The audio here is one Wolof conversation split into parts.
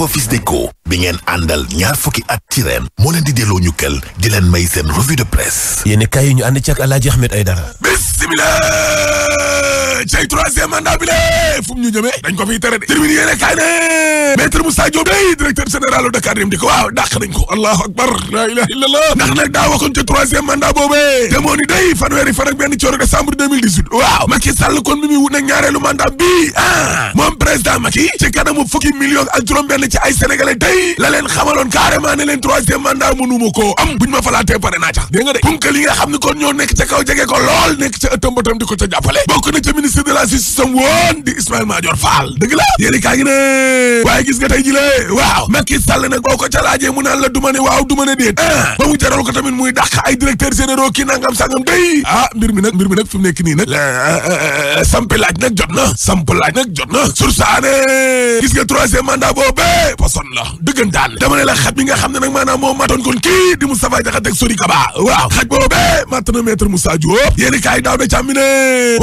Agrofis Déco bi ngeen àndal ñaar fukki at ci moo leen di delloo ñu kël di leen may seen revue de presse. yéen kay yi ñu ànd ci ak El Hadj Ahmed Aidara. bismillah. cay troisième mandat bi fu mu ñu dañ ko fiy tere de termine kaay ne maître Moussa Diop day directeur général u Dakar dem di waaw dàq nañ ko allahu akbar ca troisième mandat boobee demoo ni day fanweeri fan ak benn cooro décembre 2018 waaw Macky Sall kon bi muy ñaareelu mandat bi ah moom président Macky ci kanamu fukki million ak juróom benn ci ay sénégalais day la leen xamaloon carrément leen troisième mandat mënuma koo ko lool ministre de la justice am woon di Ismaïla Madior Fall dëgg la yéeni kaa ngi gis nga tey ji lee waaw Macky Sall nag boo ko ca laajee mu naan la duma ne waaw duma ne déet ah ba mu ko tamit muy dàq ay directeur généraux kii nangam sangam day ah mbir mbir mi nag nekk nii nag eh, eh, eh, samp laaj nag jot na samp laaj nag jot na sursaane gis nga troisième mandat boobu poson la dëggantaan dama ne la xaj bi nga xam ne nag maanaam moo matoon kon kii di Moustapha Diakhaté ak Sori Kaba waaw xaj boobu mat na maître Moussa Diop yéeni kaa yi daaw da càmmi ne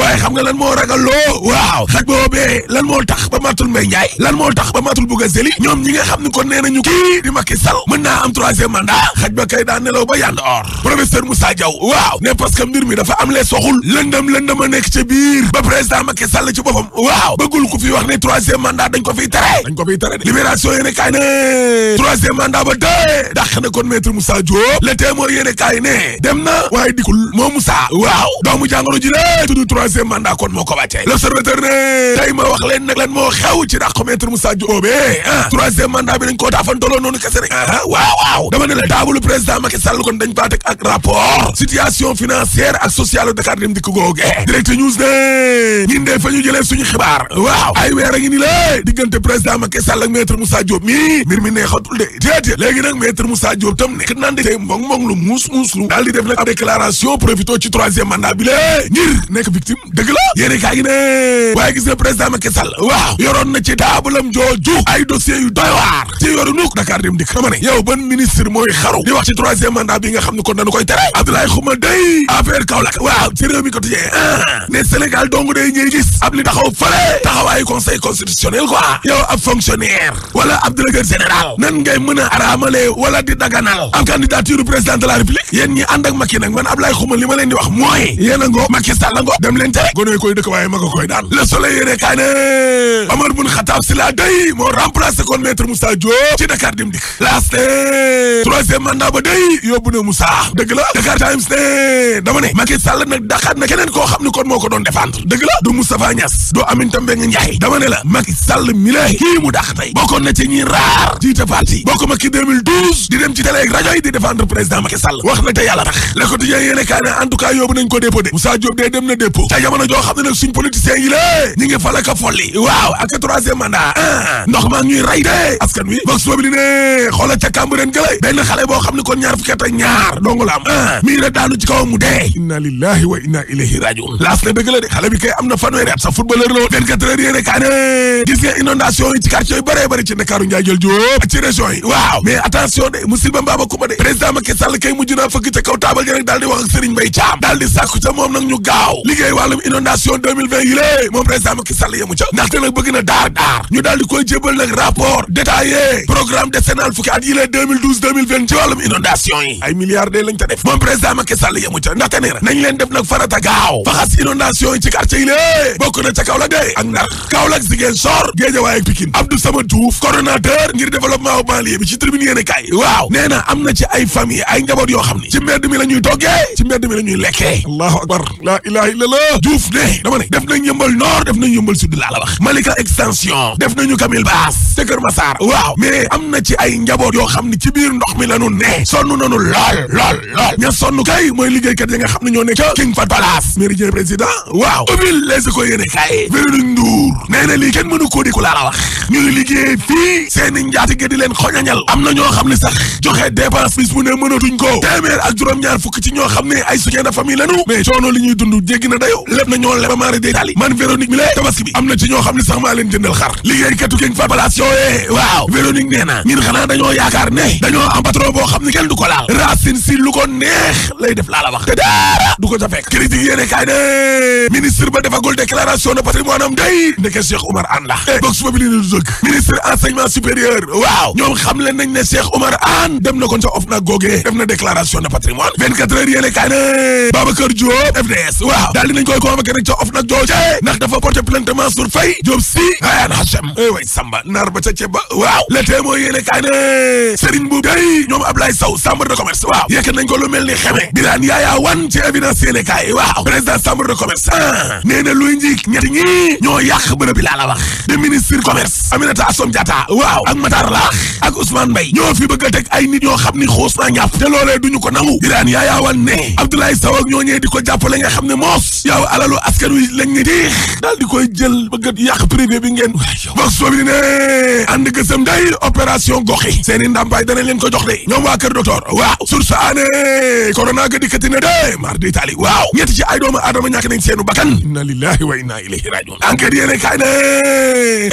waaye xam nga lan moo ragalloo waaw xaj boobee lan moo tax ba matul Mbaye Ndiaye lan moo tax ba matul bugg a ñoom ñi nga xam ne kon nee nañu kii di Macky Sall mën naa am troisième mandat xaj ba kay daa nelaw ba yànd or professeur Moussa waaw ne parce que mbir dafa am lee soxul lëndëm lëndëm a nekk ca biir ba président Macky Sall ci boppam waaw bëggul ku fi wax ne troisième mandat dañ ko fiy tere dañ ko fiy ne troisième mandat ba dee dàq na kon maître Moussa Diop le témoin ko wàcce l'observateur ne tey ma wax nag lan moo xew ci dàq maître Moussa Diop ah troisième bi dañ koo daafantoloo noonu kese rek ah waaw waaw dama ne la taabalu président Macky Sall kon dañ faa teg ak rapport situation financière ak sociale Dakar dem dikk googe direct news ne ñun de fa ñu jëlee suñu xibaar waaw ay weer a ngi ni la diggante président Macky Sall ak maître Moussa Diop mi mbir mi neexatul de déedéet léegi nag maître nag déclaration yéenekaay gi ne waaye gis nga président Macky Sall waaw yoroon na ci daabalam jooju ay dossiers yu doy waar ci yoru nuuk Dakar dem dikk dama ne ban ministre mooy xaru di wax ci troisième mandat bi nga xam ne kon dañu koy tere Abdoulaye Xuma day affaire Kaolack waaw ci réew mi ko ne Sénégal dong day ngay gis ab li taxaw fale taxawaayu conseil constitutionnel quoi yow ab fonctionnaire wala ab général nan ngay mën a araamale wala di daganal ab candidature président a a ko waaye ma nga koy daan le soleil yéene kaay ne bun Xataab si la day moo remplacé kon maître Moussa Diop ci Dakar Dem Dikk laas ne troisième mandat ba day yóbbu na Moussa dëgg la Dakar Times ne dama ne Macky Sall nag daqaat na keneen koo xam ne kon moo ko doon défendre dëgg la du Moustapha Niass doo Aminata Mbengue Ndiaye dama ne la Macky Sall mi la mu dàq tey bokkoon na ci ñi raar jiite parti bokk Macky 2012 di dem ci télé ak di défendre président Macky suñ politiciens yi lée ñi ngi falaka folli waaw ak troisième mandat ah, ndox maa ngi ñuy rey de askan wi vox bobli ne xoola ca Cambérène gëlay benn xale boo xam ne kon ñaar fukki at ak ñaar donga la ah, a mii rek daanu ci kawam mu dee inna lillahi wa inna ilayhi rajiun laas na dëgg la de xale bi kay am na fanweeri at sa footballeur la woon ci Ndakaaru njaay jël ci région yi waaw mais attention de musilba mbaaba kuma de président Macky Sall kay mujj naa fëkk 2020 yi lée moom président Macky Sall yemu ca ndaxte bëgg na daar daar ñu daal koy jébal nag rapport détaillé programme décennal fukki at yi lée 2012 2020 ci wàllum inondation yi ay milliards de lañ ta def moom président Macky Sall yemu ca ndaxte nee na leen def nag farata gaaw faxas inondation yi ci quartier yi lée bokk na ca Kaolack de ak Ndar Kaolack Ziguinchor Guédiawaye ak Pikine Abdou Samad Diouf coordonnateur ngir développement banlieue bi ci tribune yéene kaay waaw ci ay ne ci mbedd la ñuy toggee mi la ñuy lekkee allahu akbar la ne dama ne def nañ yëmbal nord def nañ yëmbal sud laa la wax Malika extension def nañu Camille Basse te Kër Massar waaw mais am na ci ay njaboot yoo xam ne ci biir ndox mi la ñu ne sonn nañu lool lool lool ña sonn kay mooy liggéeykat yi nga xam ne ñoo ne ca King Fahd Palace méridien président waaw ubbil les ko yéene la wax ñuy liggéey fii seeni njaatige di leen xoñañal am na ñoo xam ne sax joxe dépense bis bu ne mënatuñ ko téeméer ak juróom-ñaar fukk ci ñoo xam ne ay soutien de famille maara day taali man Véronique mi la tabaski bi am na ci ñoo xam ne sax maa leen jëndal xar liggéeykatu King Fahd Palace yooye waaw Véronique nee na ñun xanaa dañoo yaakaar ne dañoo am patron boo xam ne kenn du ko laal Racine Sy lu ko neex lay def laa wax te du ko ca fekk critique yéene kaay ministre ba defagul déclaration de patrimoine am day ndeke Cheikh Oumar Anne la box eh, boobu li ñu dëgg ministre enseignement supérieur waaw ñoom xam leen nañ ne Cheikh Oumar Anne dem na kon ca of nag jooje ndax dafa porté plainte Mansour Faye Diop si Rayane Hachem ay eh way samba naar ba ca ceeb ba waaw le témoin yéene kaay ne Serigne Mboup day ñoom Ablaye Sow chambre de commerce waaw yekk nañ ko lu mel ni xeme biraan yaayaa wan ci évidence yéene kaay waaw président chambre de commerce a ah, nee na luy njiik ñetti ñi ñoo yàq bërëb bi laa la wax de ministre commerce Aminata Assome Diatta waaw ak Matar Laax ak Ousmane Mbaye ñoo fi bëgg a teg ay nit ñoo xam ni xoos naa ñàpp te loolee wi lañ ne diix daal di koy jël bëgg a yàq privé bi ngeen vox fobli ne ànd gësëm day opération goxi seeni ndàmpaay danañ leen ko jox de ñoom waa kër docteur waaw source ané corona ga dikkati na de mar di tali waaw ñetti ci ay doomu aadama ñàkk nañ seenu bakkan inna lillahi wa inna ilayhi rajiun enquête yéene kaay ne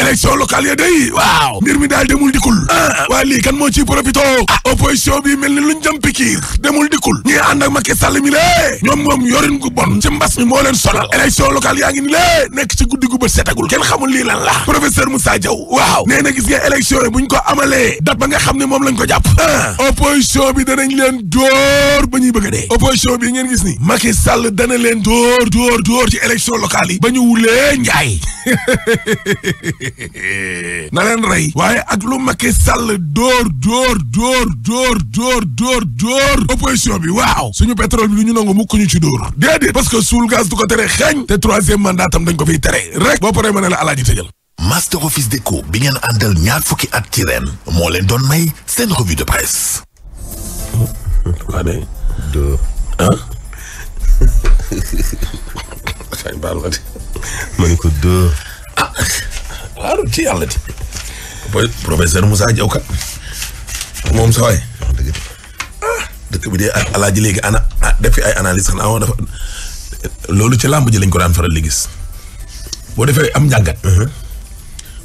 élection locale ya day waaw ah, ah. moo ciy profito ah bi mel ni luñ jëm demul dikkul ñi ànd ak Macky mi lé ñoom moom yorin gu bon ci mbas mi moo leen sonal local yaa ngi ni lée nekk ci guddi gu bët setagul kenn xamul lii lan la professeur Moussa Diaw waaw nee na gis nga élection yi bu ñu ko amalee dat ba nga xam ne moom lañ ko jàpp opposition bi danañ leen dóor ba ñuy bëgg a dee opposition bi ngeen gis ni Macky Sall dana leen dóor dóor dóor ci élection locale yi ba ñu wulee njaay na leen rey waaye ak lu Macky Sall dóor dóor dóor dóor dóor dóor dóor opposition bi waaw suñu pétrole bi du ñu nangu mukk ñu ci dóor déedéet parce suul gaz du ko tere xeeñ troisième mandat tam dañ ko fiy tere rek boo paree ma ne la alaaji tëjal master office déco bi ngeen àndal ñaar fukki at ci ren moo leen doon may seen revue de presse sañ baal de ma ne ah. ci yàlla di boy professeur Moussa Diaw moom sa waay dëgg ah. bi dee alaaji léegi ana ah, def fi ay analyse xanaa dafa loolu ci làmb ji lañ ko daan faral di gis boo defee am njàngat.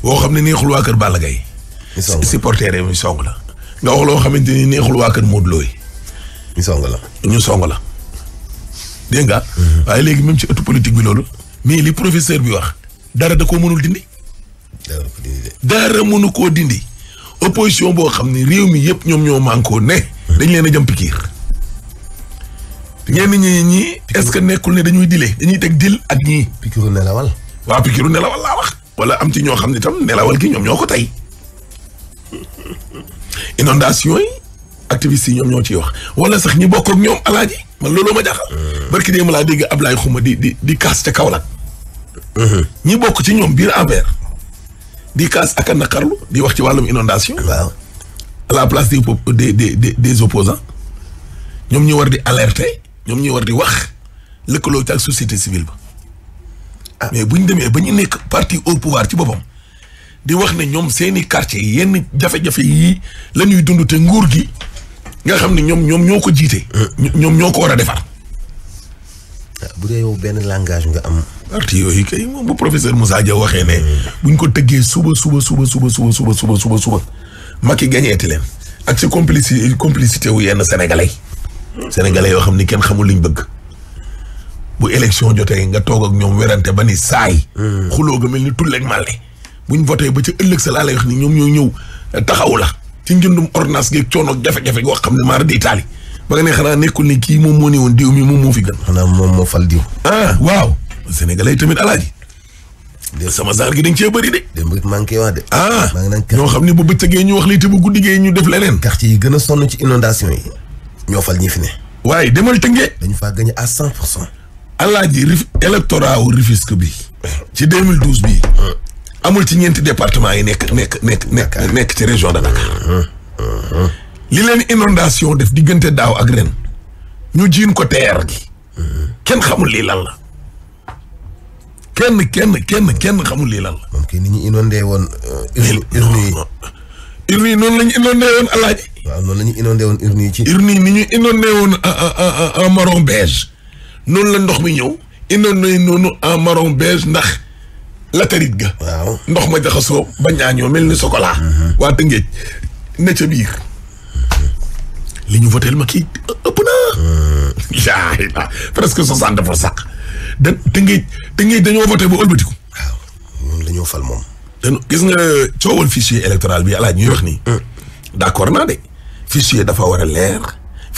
boo mhm. xam ne neexul waa kër Balla Gaye. supporter yi mu song la. nga wax loo xamante ni neexul waa kër Modou Lo yi. ñu song la ñu song la. dégg nga. Mhm. waaye léegi même ci ëttu politique bi loolu. mais li professeur bi wax. dara da ko mënul dindi. dara mënu koo dindi. opposition boo xam ne réew mi yëpp ñoom ñoo mànkoo ne. Mhm. dañ leen a jëm pikiir. ñenn ñi ñii est-ce que nekkul ne dañuy dile dañuy teg dil ak ñii. pikiru nelawal. waaw pikiru nelawal laa wax. wala am ci ñoo xam ne tam nelawal gi ñoom ñoo ko tey inondation yi activistes ñoom ñoo ciy wax wala sax ñi bokk ak ñoom alaaji looloo ma jaaxal. Hmm. barki démb laa dégg Ablaye Xuma di di di kaas ca Kaolack. Hmm. ñi bokk ci ñoom biir affaire di kaas ak a naqarlu di wax ci wàllum inondation waaw à la place des des des des opposants ñoom ñu war di alerter ñoom ñuy war di wax lëkkaloo ci ak société civile ba. mais bu ñu demee ba ñu nekk parti au pouvoir ci boppam di wax ne ñoom seeni quartier yenn jafe-jafe yii la ñuy dund te nguur gi nga xam ne ñoom ñoom ñoo ko jiite. ñoom ñoo ko war a defar. bu dee yow benn langage nga am. parti yooyu kay moom bu professeur Moussa Dia waxee ne. buñ ko tëggee suba suba suba suba suba suba suba suba suba Macky gañeeti leen. ak ci complici complicité wu yenn sénégalais. sénégalais yoo xam ni kenn xamul liñ bëgg bu élection jotee nga toog ak ñoom werante ba ni saay hmm. xuloo ga mel ni tulleeg màlle buñ voté ba ci ëllëg sa laa lay wax ni ñoom ñoo ñëw eh, taxaw la ci njëndum ordonnance geeg coono ak jafe-jafe goo xam ne maara di ba nga ne xanaa nekkul ni kii moom moo ne woon diw mi moom moo fi gën xanaa moom moo fal diw ah waaw sénégalais tamit alaaji sama genre gi dañ cee bëri de. démb it ah, maa ngi koy wax de. ñoo xam ne bu bëccëgee ñu wax lii te bu guddigee ñu def leneen. quartier yi gën a sonn ci inondation yi. ñoo fal ñi fi ne. waaye demal tënkee. dañu faa gagné à cent pour cent. alaaji rif électorat wu Rufisque bi. ci 2012 bii. amul ci ñeenti département yi nekk nekk nekk nekk nekk ci région de Dakar. Uh-huh, uh-huh. li leen inondation def diggante daaw ak ren ñu jiin ko teer gi. Uh-huh. kenn xamul lii lan la. kenn kenn kenn kenn xamul lii lan la. moom kay ni woon. Uh, urne yi waaw noonu la ñu inondé woon urne yi ci. urne yi ni ñu inondé woon euh, euh, euh, en marron beige noonu la ndox mi ñëw inondé noonu en marron beige ndax latérite ga. ndox ma jaxasoo ba ñaañoo mel ni chocolat. Mhm. waa Tëngéej ne ca biir. li ñu voté ma kii ëpp na. Mhm. yaa presque soixante pour cent. Tëngéej Tëngéej dañoo voté ba ëlbatiku. waaw moom dañoo fal moom. gis nga coowal fichier électoral bi alaaj ñuy wax nii. Mm. d'accord naa de. fichier dafa war a leer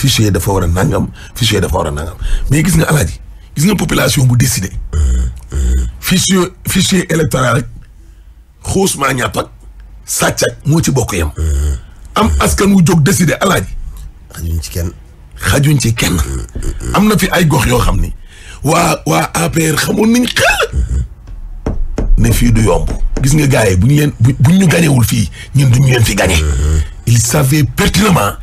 fichier dafa war a nangam fichier dafa war a nangam mais gis nga alaaji gis nga population bu décidé. fichier fichier électoral rek xuusmaa ñàpp ak sàcc moo ci bokk yem. am askan wu jóg décidé alaaji. xajuñ ci kenn. xajuñ ci kenn. Mm, mm, mm, am na fi ay gox yoo xam ni waa waa APR xamoon nañ xel. ne fii du yomb. gis nga gars bu ñu leen bu ñu ñu gañewul fii ñun du ñu leen fi gañe il savait pertinemment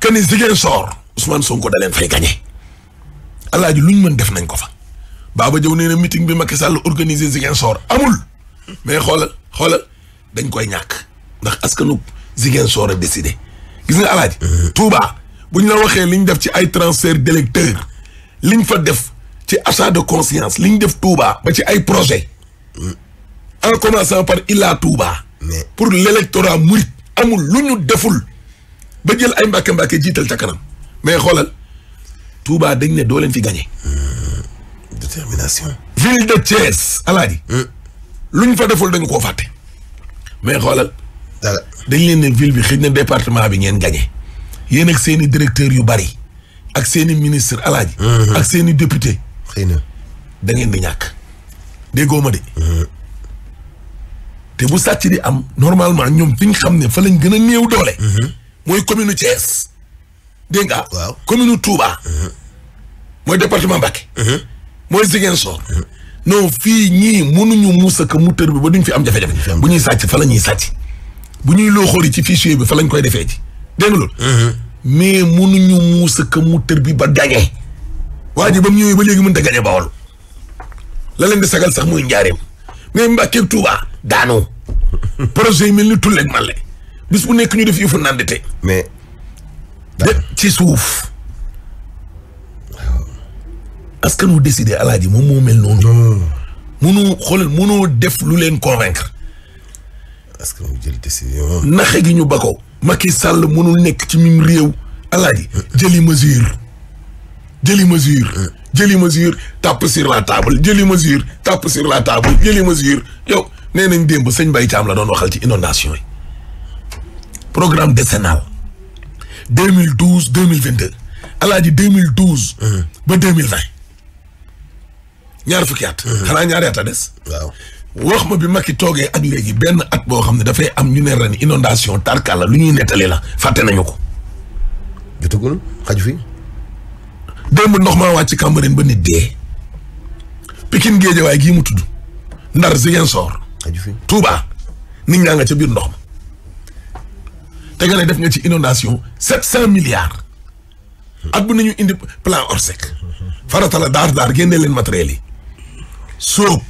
que ni Ziguinchor Ousmane Sonko da leen fay gagné alaaji luñ mën def nañ ko fa Baba Diaw nee na meeting bi Macky Sall organisé soor amul mais xoolal xoolal dañ koy ñàkk ndax nu askanu Ziguinchor a décidé gis nga alaaji euh. Touba bu ñu la waxee liñ def ci ay transfert d'électeurs liñ fa def ci achat de conscience liñ def Touba ba ci ay projet euh. en commençant par Ila Touba pour l'électorat mouride amul lu ñu deful ba jël ay mbàkke mbàkke jiital ca kanam mais xoolal Touba dañ ne doo leen fi gagné. Hmm. détermination. ville de Thiès lu hmm. luñ fa deful dañu koo fàtte. mais xoolal. dañ leen ne ville bi xëj na département bi ngeen gañe yéen ak seen i directeurs yu bari. ak seen i ministre alaaji. Hmm. ak seen i député. xëy na da ngeen di ñàkk. déggoo ma de. te bu sàcc di am normalement ñoom fi ñu xam ne fa lañ gën a néew doole. Mhm. mooy commune Thiès. dégg nga. waaw commune Touba. Mhm. mooy département Mbacké. Mhm. mooy Ziguinchor. non fii ñii mënuñu muus ak mu tër bi ba duñ fi am jafe-jafe. bu ñuy sàcc fa la ñuy sàcc. bu ñuy loo xooli ci fichier bi fa lañ koy defee ji dégg mais mënuñu muus ak mu tër bi ba gañe. waa ji ba mu ñëwee ba léegi mënut a gañe Bawol. la leen di sagal sax muy njaareem mais Mbacké Touba. daanu projet yi mel ni tulleeg man le bis bu nekk ñu def yëfu nandite mais de ci suuf askan wu décidé alaaji moom moo mel noonu munu xoolal munoo def lu leen convaincre askan wu jël décision naxe gi ñu ba ko Macky Sall munul nekk ci mim réew alaaji jëli mesure jëli mesure euh. jëli mesure tape sur la table jëli mesure tape sur la table jëli mesure yow nee nañ démb sëñ Mbaye Thiam la doon waxal ci inondation yi programme décennal deux mille douze deux mille vingt deux alaaji deux mille douze ba deux mille ñaar fukki at xanaa ñaari at a des waaw wax ma bi ki toogee ak léegi benn at boo xam ne dafay am ñu ne ren inondation tarkala lu ñuy nettali la fàtte nañu ko jotagul xaju fi démb ndox maa wàcc Cambérène ba nit dee Pikine Guédiawaye gii mu tudd Ndar Ziguinchor xaju fi Touba nit ñaa nga ca biir ndox ma te nga ne def nga ci inondation sept cent milliards at bu nañu indi plan Orsec farata la daar daar génne leen matériel yi sóob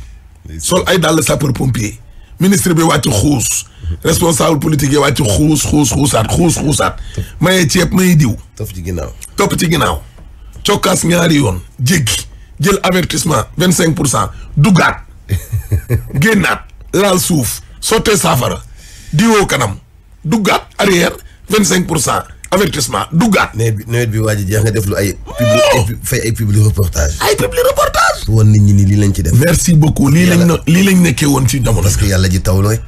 sol ay dàll sapeur pompier ministre bi wàcc xuus responsable politique yi wàcc xuus xuus xuusaat xuus xuusaat maye ceeb maye diw topp ci ginnaaw topp ci ginnaaw cokkaas ñaari yoon jéggi jël avertissement vingt cinq pour cent duggaat génnaat laal suuf sottee saafara diwoo kanam duggaat arrière vingt cinq pour cent avertissement duggaat. nawet bi nawet bi waa ji jeex nga def lu ay. publi oh! fay ay publi reportage. ay publi reportage. woon nit ñi nii lii lañ ci def. merci beaucoup lii lañ ne lii lañ nekkee woon ci jamono. parce que yàlla ji taw looy.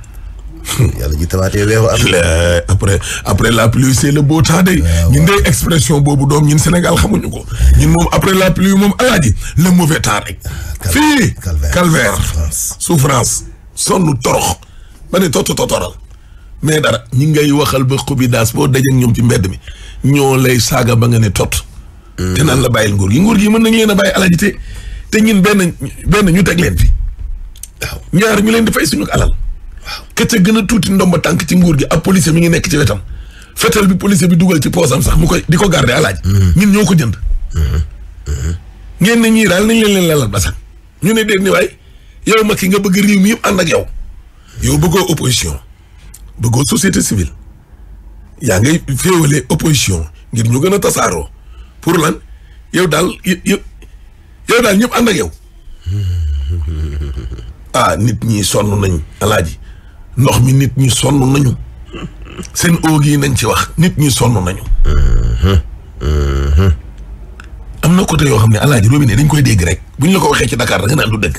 Hmm. yàlla ji tawaatee weeru après après après la pluie c'est le beau temps de ah, ñun de expression boobu doom ñun Sénégal xamuñu ko ñu moom après la pluie moom alaaji le mauvais temps rek ah, fii calvaire souffrance sonn torox ba ne tottu totoral mais dara ñi ngay waxal ba xubi daas boo dajeeg ñoom ci mbedd mi ñoo lay saaga ba nga ne tot mm. te naan la bàyyil nguur gi nguur gi mën nañ leen a bàyyi alal ji te ñun benn benn ñu teg leen fi waaw ñaar ñu leen di suñu alal waaw ke gën a tuuti ndomba tànk ci nguur gi ab policier mi ngi nekk ci wetam fetal bi policier bi dugal ci poosam sax mu koy di ko garder alaaj mm. ñun ñoo ko jënd ngeen mm-hmm. mm-hmm. na ñii daal nañ leen leen lalal basan ñu ne déet ni waay yow Macky nga bëgg réew mi yëpp ànd ak yow yow bëggoo opposition bëggoo société civile yaa ngay féewale opposition ngir ñu gën a tasaaroo pour lan yow daal yow daal ñëpp ànd ak yow ah nit ñi sonn nañ alaaji ndox mi nit ñi sonn nañu seen óog yi nañ ci wax nit ñi sonn nañu am na côté yoo xam ne alaaji robinet dañ koy dégg rek bu ñu la ko waxee ci Dakar da nga naan du dëgg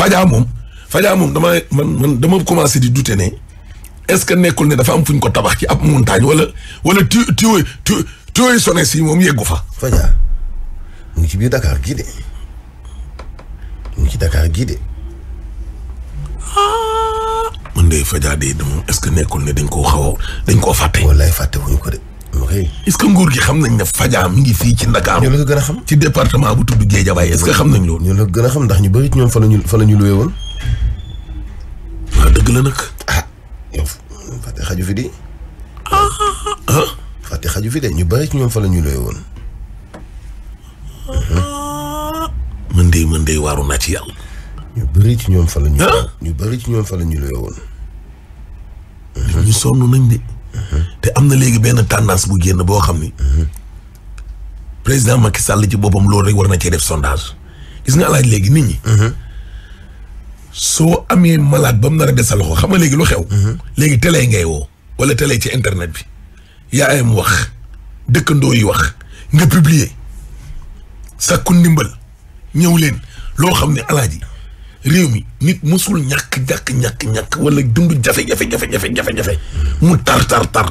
Fadja moom fajaa moom dama man man dama commencé di douter ne est-ce que nekkul ne dafa am fuñ ko tabax ci ab montagne wala wala tu tu tu tu sonné si moom yeggu fa. Fadja mu ngi ci biir Dakar gii de mu ngi ci Dakar gii de. man de Fadja de moom est-ce que nekkul ne dañ koo xaw dañ koo fàtte. wallaay fàtte wuñu ko de. est-ce que nguur gi xam nañ ne Fadia mi ngi fii ci Ndakaaru ñoo la ko gën a xam ci département bu tudd Guédiawaye est-ce que xam nañ loolu ñoo la ko gën a xam ndax ñu bëri ñoom nag ah xaju fi di ah fàtte xaju de ñu bëri ñoom fa la ñu luwee woon man ah, ah, de man ah, de waaru ci yàlla ci ñoom fa la ñu ñu bëri ci ñoom fa la ñu luwee woon ñu sonn nañ de am na léegi benn tendance bu génn boo xam ni. président Macky Sall ci boppam loolu rek war na cee def sondage gis nga laaj léegi nit ñi. soo amee malaat ba mu na a desal loxo xam na léegi lu xew. léegi télé ngay woo wala télé ci internet bi yaa yaayam wax dëkkandoo yi wax nga publier sakku ndimbal ñëw leen loo xam ne alaaji réew mi nit musul ñàkk ñàkk ñàkk ñàkk wala dund jafe-jafe jafe-jafe jafe-jafe mu tar tar tar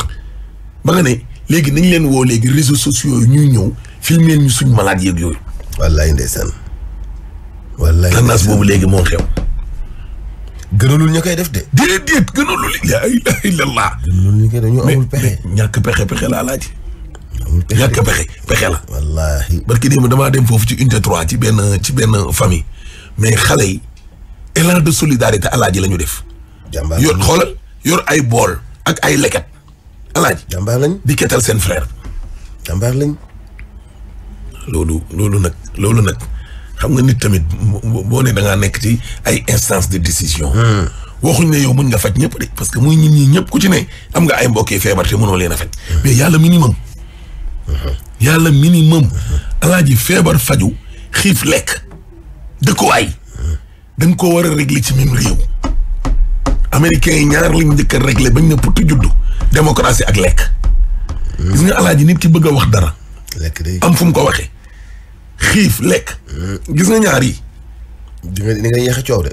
ba nga ne léegi nañ leen woo léegi réseaux sociaux yi ñuy ñëw filmer ñu suñ malade yeeg yooyu. wallaay ndeysaan. wallaay tendance boobu léegi moo xew. gënalul ñu koy def de. déedéet gënalul la ilaha illallah. gënalul ñu koy def pexe ñàkk pexe pexe laa laaj. amul pexe ñàkk pexe pexe la. wallaahi. parce que démb damaa dem foofu ci unité 3 ci benn ci benn famille. mais xale yi élan de solidarité alaaji la ñu def. jàmbaar yor xoolal yor ay bool ak ay leket. alaaji jàmbaar lañ di ketal seen frère jàmbaar lañ loolu loolu nag loolu nag xam nga nit tamit boo ne da nekk ci ay instance de décision hmm. waxuñ ne yow mun nga faj ñëpp de parce que muy ñit ñi ñëpp ku ci ne am nga ay mbokki feebar te mënoo leen a faj hmm. mais yàlla minimum hmm. yàlla minimum yi feebar faju xiif lekk dëkkuwaay da nga koo war a régler ci même réew américains yi ñaar lañ njëkk a réglé bañ ne putti juddu démocratie ak lekk. gis nga alaaji nit ki bëgg a wax dara. lekk day am fu mu ko waxee. xiif lekk. Mm. gis nga ñaar yi. di nga di nga yéex a coow de.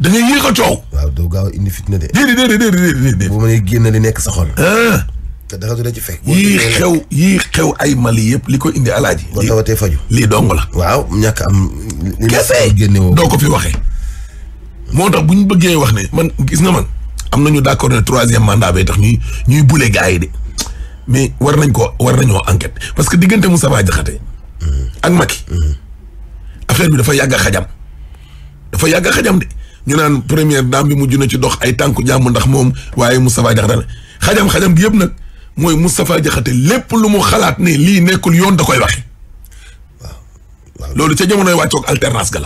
da a coow. waaw doo gaaw indi fitna de. déedéet déedéet déedéet déedéet. bu mënee génn li nekk sa ah. te dara du ci fekk. yii xew yii xew ay mal yëpp li ko indi alaaji. boo tawatee faju lii dong la. waaw ñàkk am. kese doo ko fi waxee. moo tax bu ñu bëggee wax ne man gis nga man am nañu d'accord ne troisième mandat bay tax ñuy ñuy bule gars yi de mais war nañ ko war nañoo enquête parce que diggante Moustapha Diakhaté ak Macky affaire bi dafa yàgg a dafa yàgg a de ñu naan première dame bi mujj na ci dox ay tànku jàmm ndax moom waaye Moustapha Diakhaté xajam xajam bi yëpp nag mooy Moustapha Diakhaté lépp lu mu xalaat ne lii nekkul yoon da koy wax waaw loolu ca jamonoy wàccoog alternance ga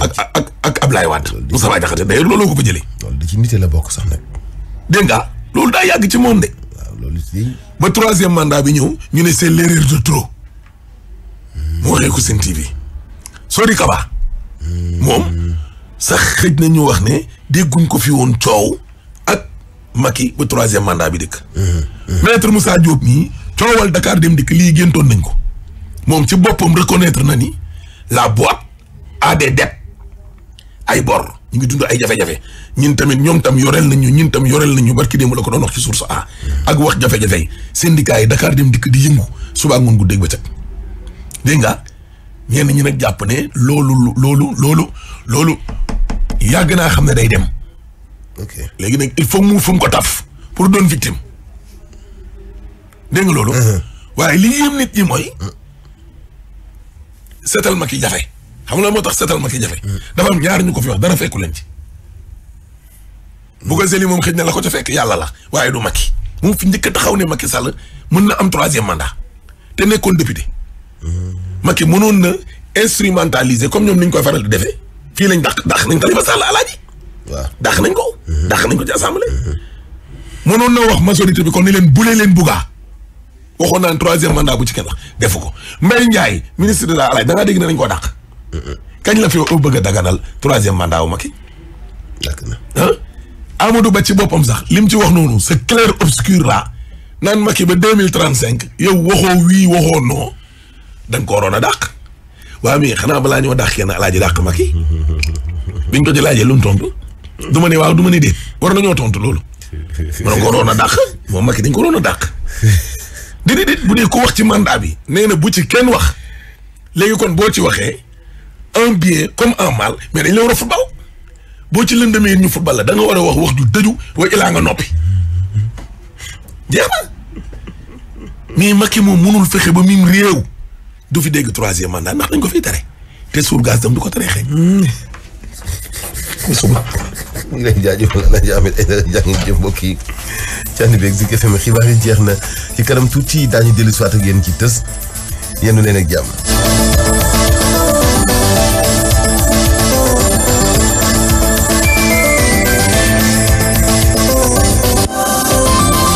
ak ak ak Ablaye Wade Moustapha Diakhaté d'ailleurs loolu ko fa jëlee. loolu da ci nite la bokk sax nag. dégg nga loolu daa yàgg ci moom de. loolu ci. ba troisième mandat bi ñëw ñu ne c'est l'erreur de trop. mu hmm. waxee ko seen TV. Sori Kaba. Hmm. moom sax xëj na ñu wax ne dégguñ ko fi woon coow ak Macky ba troisième mandat bi dëkk. Hmm, maître Moussa Diop nii coowal Dakar dem dikk lii géntoon nañ ko moom ci boppam reconnaître na ni la boîte a des dettes. ay bor ñu ngi dund ay jafe-jafe ñun tamit ñoom tam yoreel nañu ñun tam yoreel nañu barki démb la ko doon wax ci source A ak wax jafe-jafe yi syndicat yi Dakar dem dikk di yëngu subaa ngoon gu dégg ba cëg dégg nga ñenn ñi nag jàpp ne loolu loolu loolu loolu yàgg naa xam ne day dem léegi nag il faut mu fu ko taf pour doon victime dégg nga loolu uh-huh. waaye li yëm nit ñi mooy seetal ma ki jafe xam nga moo tax setal ma ki jafe. Mm. dafa am ñaar ñu ko fi wax dara fekku leen ci. bu ko moom xëj na la ko ca fekk yàlla la waaye du Macky moom fi njëkk taxaw ne Macky Sall mën na am troisième mandat te nekkoon député. Mm. Macky mënoon na instrumentaliser comme ñoom ni ñu koy faral di defee fii lañ dàq dàq nañ Khalifa Sall alaaji. waaw dàq nañ ko. Mm. dàq nañ ko ci assemblée. Mm-hmm. mënoon na wax majorité bi kon ni leen bulee leen bugaa waxoon naan troisième mandat bu ci kenn wax defu ko Mbaye Ndiaye ministre de la alaaj da dégg ne dañ koo dàq. kañ la fi bëgg a daganal troisième mandat wu Macky. ah Amadou Ba ci boppam sax lim ci wax noonu c' est clair obscur là naan Macky ba deux mille trente cinq yow waxoo wii waxoo non da nga ko waroon a dàq waa mi xanaa balaa ñoo dàq kenn alaaji dàq makki biñ ko ci laajee lu tontu du ma ne waaw du ma ne déet war nañoo tontu loolu. man ko waroon a dàq moom dañ ko waroon a dàq. déedéet bu dee ko wax ci mandat bi nee na bu ci kenn wax léegi kon boo ci waxee. un bien comme en mal mais dañ la war a football boo ci lëndëmee yéen ñu football la da war a wax wax ju dëju wa ilaa nga noppi jeex na mais Macky moom mënul fexe ba mim réew du fi dégg man mandat ndax dañ ko fiy tere te suur gaz dam du ko tere xëy. suba. ñu ngi lay jaajëfal El Hadj Ahmed Aïdara jàng jëf mbokk yi Thiané FM xibaar yi jeex na ci kanam tuuti daañu dellu si waat ak yéen ci tës yenn leen ak jàmm.